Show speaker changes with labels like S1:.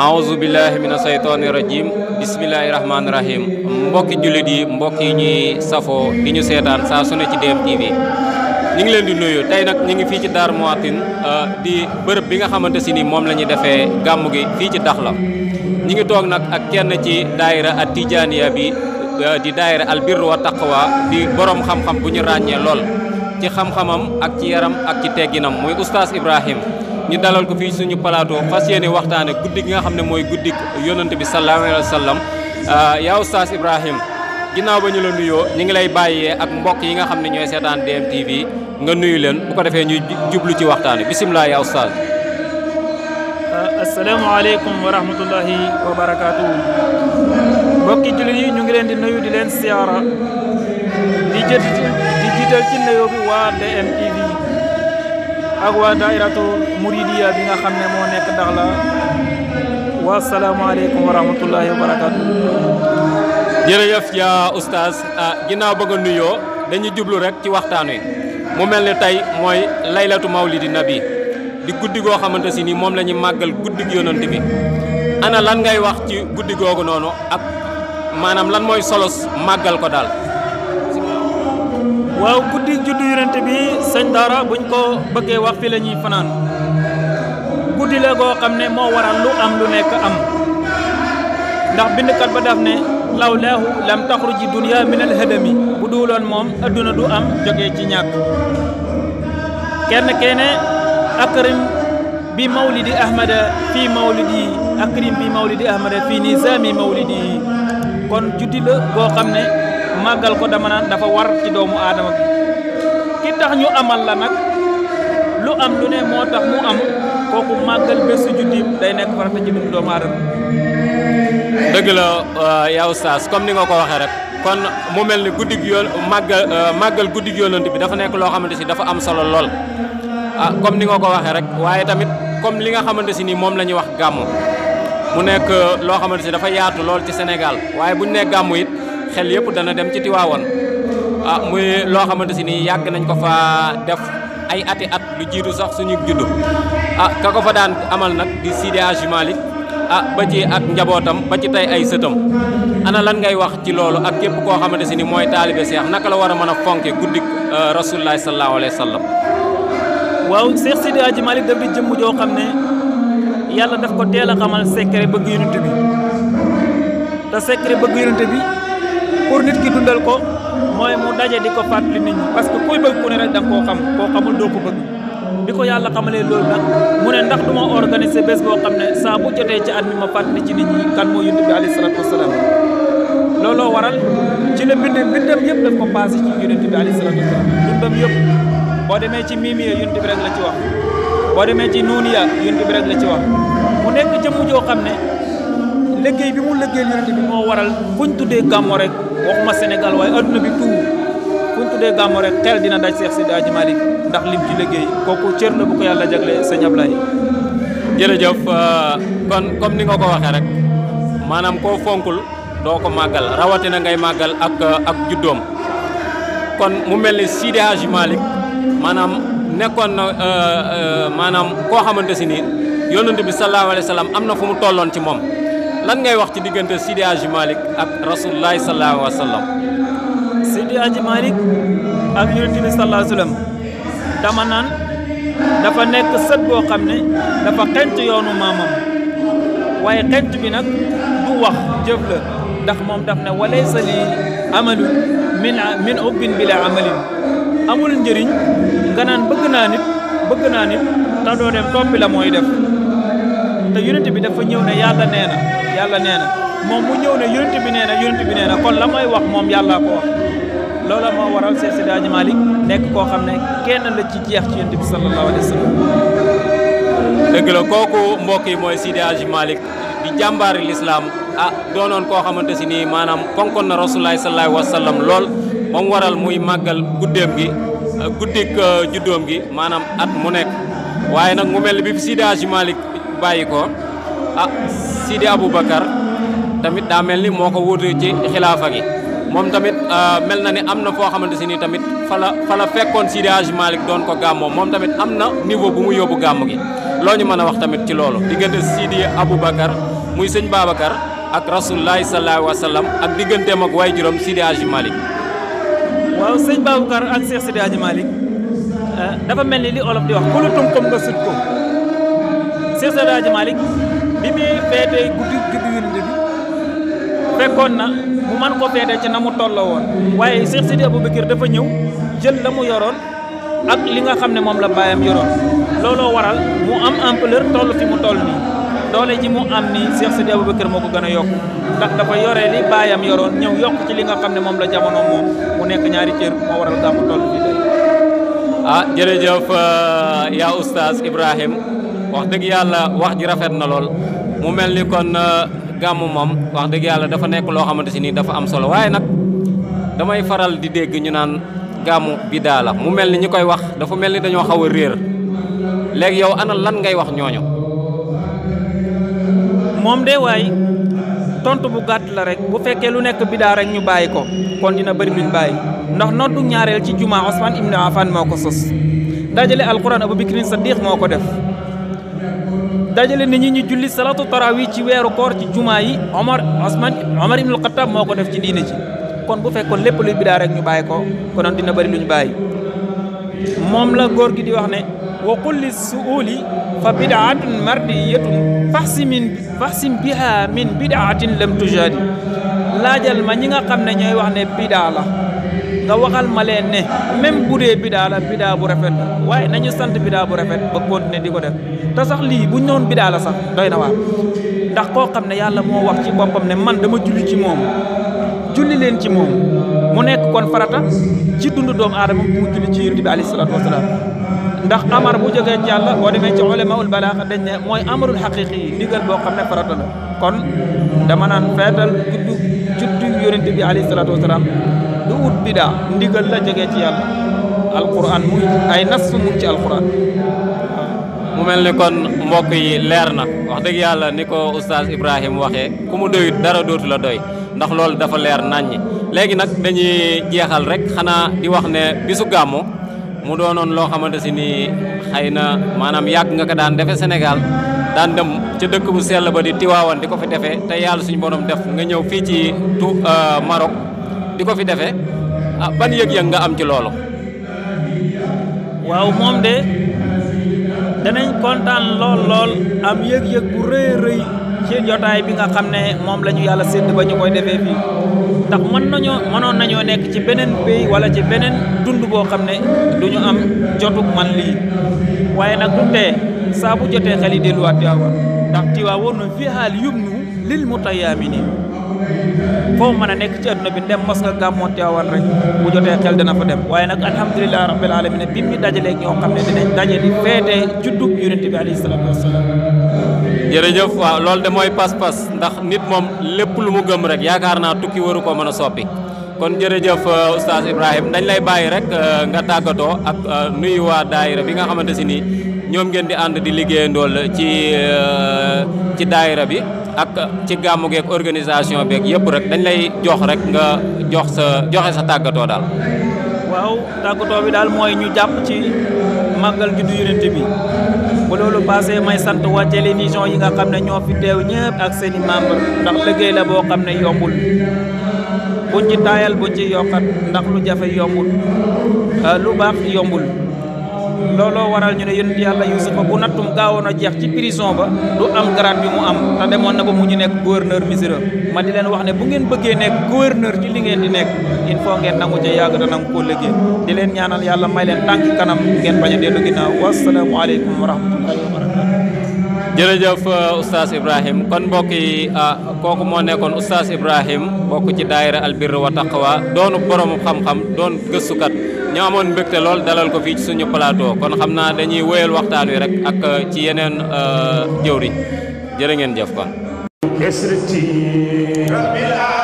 S1: auzu billahi mina saytaani rajim Bismillahirrahmanirrahim rahmaani rahim yi mbokk yi ñuy di ñu seetaan saa su ne ci DM TV ñu ngi leen di nuyu tey nag ñu ngi fii ci Darou Mouhty euh, di bërëb bi nga xamante si ni moom la ñuy defee gàmm gi fii ci Dakhla ñu ngi toog nag ak kenn ci daayira at tijaaniya bi euh, di daayira albirru wa taqwa di borom xam-xam bu ñu ràññee lool ci xam-xamam ak ci yaram ak ci tegginam muy oustaz Ibrahim ñu dalal ko fii suñu palaatoo fas yéene waxtaane guddi gi nga xam ne mooy guddi yonante bi sallallahu alayhi wa sallam euh, yaa oustaz Ibrahim ginnaaw ba ñu la nuyoo ñu ngi lay bàyyee ak mbokk yi nga xam ne ñooy seetaan DMTV nga nuyu leen bu ko defee ñuy jublu ci waxtaane bisimilah yaa oustaz
S2: euh, asalaamaaleykum wa rahmatullahi wa barakaatuhu mbokki jullit yi ñu ngi leen di nuyu di leen siyaara di jët di jiital ci nuyoo bi waa DMTV ak waa daairatu muridiya bi nga xam ne moo nekk ndax la
S1: wasalaamualeykum wa rahmatullahi wa barakatu jërëjëf yaa oustaz ah, ginnaaw ba nga nuyoo dañuy jublu rek ci waxtaan mu mel ne tey laylatu mawlidi nabi di guddi goo xamante si ni moom la ñuy màggal guddi yonante bi ana lan ngay wax ci guddi googu noonu ak maanaam lan moy solos màggal ko daal waaw guddi juddu yonent bi sëñ Daara
S2: buñ ko bëggee wax fi la ñuy fanaan guddi la goo xam ne moo waral lu am lu nekk am ndax bindkat ba daf ne law laahu lam taxruji dunya min al hadami bu duuloon moom adduna du am jógee ci ñàkk kenn keene akrim bi mawlidi ahmada fii mawlidi akrim bi mawlidi ahmada fii nizaami mawlidi kon juddi la goo xam ne màggal ko dama dafa war ci doomu bi ki tax ñu amal la nag lu am lu ne moo mu am
S1: kooku màggal bés su juddim day nekk farata ci dund doomu aadama dëgg la euh, yow saas comme ni nga ko waxee rek kon mu mel ni guddig yoon màggal euh, màggal guddig yonent bi dafa nekk dafa am solo lool ah comme ni nga ko waxee rek waaye tamit comme li nga xamante si ni wax gàmmu mu nekk euh, loo xamante dafa yaatu lool ci senegal waaye bu it xel yëpp dana dem ci Tiwaawoon ah muy loo xamante si ni yàgg nañ ko fa def ay ati at lu jiitu sax suñu juddu ah ka ko fa daan amal nag di Sidi Hadji Malick ah ba ci ak njabootam ba ci tey ay sëtam ana lan ngay wax ci loolu ak képp koo xamante si ni mooy taalibe seex naka la war a mën a fonke guddik euh, rasulullah sallallahu alayhi wa sallam
S2: waaw Seex Sidi Hadji Malick daf jëmm joo xam ne yàlla daf ko teel a xamal secret bëgg bi te secret bëgg bi pour nit ki dundal ko mooy mu daje di ko fàttali nit ñi parce que kuy bëgg ku ne rek da nga koo xam koo xamul doo ko bëgg bi ko yàlla xamalee loolu nag mu ne ndax du ma organiser boo xam ne saa bu jotee ci at mi ma fàttali ci nit ñi kan moo yonent bi alayhi salaatu wasalaam looloo waral ci la bind bindam yëpp daf ko passé ci yonent bi alayhi salaatu wasalaam bindam yëpp boo demee ci miimiya yonent bi rek la ci wax boo demee ci nuuniya yonent bi rek la ci wax mu nekk jëmm joo xam ne liggéey bi mu liggéey yonent bi moo waral fuñ tuddee gàmmo rek waxuma Sénégal way, adduna bi tout fuñ tuddee gàmmo rek xel dina daj Seex Seydi Hadji Malick ndax lim ci
S1: liggéey kooku cër la bu ko yàlla jagle sëñ Ablaye euh, kon comme ni nga ko waxee rek maanaam koo fonkul magal, ko màggal magal, ngay ak euh, ak juddoom kon mu mel ni Seydi Hadji Malick maanaam nekkoon na euh, maanaam koo xamante si bi sallallahu alayhi wa am fu mu tolloon ci lan ngay wax ci diggante Sidi Hadji Malick ak Rasulullah sallallahu alayhi wa sallam.
S2: Sidi Hadji ak Yonent bi sallallahu dama naan dafa nekk sët boo xam ne dafa xent yoonu maamam waaye xent bi nag du wax jëf la ndax moom daf ne walaysa li amalu min min ubbin bila amalin amul njëriñ nga naan bëgg naa nit bëgg naa nit te doo dem la mooy def te yonent bi dafa ñëw ne yàlla nee na yàlla nee na moom mu ñëw ne yonent bi nee na yonent bi nee na kon la may wax moom yàllaa ko wax moo waral Seex Sidi Hadji Malick nekk koo xam ne kenn la ci jeex
S1: ci yonent bi sallallahu alayhi wa sallam dëgg kooku mbokk yi mooy Sidi Hadji Malick di jàmbaari lislaam ah doonoon koo xamante si nii maanaam fonkoon na rasulullahi sallallahu alayhi wa lool moom waral muy màggal guddeem gi guddik euh, juddoom gi maanaam at mu nekk waaye nag mu mel bi Sidi Hadji Malick bàyyi ah Sidi Aboubacar tamit daa mel ni moo ko wuutu ci xilaafa gi moom tamit ah, mel na ni am na foo xamante si nii tamit fa la fa fekkoon Sidi Hadj doon ko gàmmoo moom tamit am na niveau bu mu yóbbu gàmm gi loo ñu mën a wax tamit ci loolu diggante Sidi Aboubacar muy sëñ Babacar ak rasulullahi sallallahu ak digganteem ak juróom Sidi Hadj Malick
S2: waaw sëñ Babacar ak Cheikh Sidi Hadj ah, dafa mel ni li olof di wax ku lu tunkum nga sut ko Cheikh Sidi bi muy feetee guddi juddu Yonent bi fekkoon na mu man ko feete ci na mu tolloo woon waaye Cheikh Sidi Aboubacar dafa ñëw jël la mu yoroon ak li nga xam ne moom la baayam yoroon looloo waral mu am ampleur toll fi mu toll nii doole ji mu am nii a Sidi Aboubacar moo ko gën a yokk ndax dafa yore li baayam yoroon ñëw yokk ci li nga xam ne moom
S1: la jamono moom mu nekk ñaari cër moo waral gàmmu toll fii tey ah jërëjëf euh, yaa oustaz Ibrahim wax dëgg yàlla wax ji rafet na lool mu mel ni kon euh, gàmmu moom wax dëgg yàlla dafa nekk loo xamante dafa am solo waaye nag damay faral di dégg ñu naan gàmmu bidaa la mu mel ni ñi koy wax dafa mel ni dañoo xaw a réer léegi yow ana lan ngay wax ñooñu.
S2: moom de waay tontu bu gàtt la rek bu fekkee lu nekk bidaa rek ñu bàyyi kon dina bëri luñ bàyyi ndax noddu ñaareel ci juma Ousmane Ibn afan moo ko sos dajale alquran Abubakrin Sadiq moo ko def. dajale nit ñi ñu julli salatu tarawih ci wéru koor ci juma yi Omar Osman Omar ibn al-Khattab moko def ci diina ci kon bu fekkon lépp luy bidaa rek ñu bàyyi ko konoon dina bari luñu bàyyi la góor gi di wax ne wa qul suuli fa bid'atun mardiyatun fahsimin fahsim biha min bid'atin lam tujadi lajal ma ñi nga xamne ñoy wax ne bid'a la nga waxal ma leen ne même bu dee bidaa la bidaa bu rafet waaye nañu sant bidaa bu rafet ba continuer di ko def te sax lii bu ñu noon bidaa la sax doy na waar ndax koo xam ne yàlla moo wax ci boppam ne man dama julli ci moom julli leen ci moom mu nekk kon farata ci dund doomu aadama mu julli ci yonent bi alayhi salaatu wasalaam ndax amar bu jógee ci yàlla boo demee ci ulamaul balaaxa dañ ne mooy amarul xaqiqi yi ndigal boo xam ne farata la kon dama naan feetal gudd juddu yonent bi alayhi salaatu wasalaam
S1: du ut bidaa ndigal la jógee ci yàlla alquran muy ay nas mun ci alquran mu mel ni kon mbokk yi leer na wax dëgg yàlla ni ko oustaz Ibrahim waxee ku mu doyut dara dootu la doy ndax loolu dafa leer naññi léegi nag dañuy jeexal rek xanaa di wax ne bisu gàmmu mu doonoon loo xamante si nii xëy na maanaam yàgg nga ko daan defe Sénégal daan dem ca dëkk bu sell ba di Tiwaawan di ko fi defee te yàlla suñu borom def nga ñëw fii ci tu euh, Maroc di ko fi defee a ah, ban yég yëg nga am ci loolu.
S2: waaw moom de danañ kontaan lool lool am yëg-yëg bu rëy rëy ci jotaay bi nga xam ne moom la ñu yàlla sédd ba ñu koy defee fii ndax mën nañoo mënoon nañoo nekk ci beneen pays wala ci beneen dund boo xam ne du ñu am jotuk man lii waaye nag du tee saa bu jotee xel yi delluwaat Tiwaawan ndax Tiwaawan fiihaa al-yumnu lil mutayaaminiin foo mën a nekk ci adduna bi ndem mos nga gàmmoon teewal rek bu jotee xel dana fa dem waaye nag alhamdulilah rabbil alamin bi mu dajalee ñoo xam ne
S1: dinañ daje di feete juddub yonent bi alayhi
S2: salaatu wasalaam jërëjëf
S1: waaw loolu de mooy pas-pas ndax nit moom lépp lu mu gëm rek yaakaar naa tukki waru ko mën a soppi kon jërëjëf euh, oustaz Ibrahim dañ lay bàyyi rek euh, nga tàggatoo ak euh, nuyu waa daayira bi nga xamante si nii ñoom ngeen di ànd di liggéeyandool ci euh, ci daayira bi ak ci gàmmu geeg organisation beeg yëpp rek dañ lay jox rek nga jox sa joxe sa tàggatoo daal.
S2: waaw tàggatoo bi daal mooy ñu jàpp ci màggal juddu Yonent bi ba loolu passé may sant waa télévision yi nga xam ne ñoo fi teew ak seen i ndax liggéey la boo xam ne yombul buñ ci taayal ci yokkat ndax lu jafe yombul euh, lu baax yombul. Lolo waral ñu ne yonent yàlla yusufa bu nattum gaawoon a jeex ci prison ba du am grade bi mu am te demoon na ba mu ñu nekk gouverneur Misra ma di leen wax ne bu ngeen bëggee nekk gouverneur ci li ngeen di nek il faut ngeen nangu ca yàgg te nangu koo liggéey di leen ñaanal yàlla may leen tànk kanam ngeen bañ a dellu
S1: ginnaaw wasalaamualeykum wa rahmatullahi wa barakatu jërëjëf euh, oustaz ibrahim kon mbokk yi euh, kooku moo nekkoon oustaz ibrahim bokk ci daayira albirr wa taqwa doonu borom xam-xam doon gëstukat ñoo amoon mbégte lool dalal ko fii ci suñu palaatoo kon xam naa dañuy wéyal waxtaan wi rek ak euh, ci yeneen euh, jëwriñ jërë ngeen jëf
S2: kon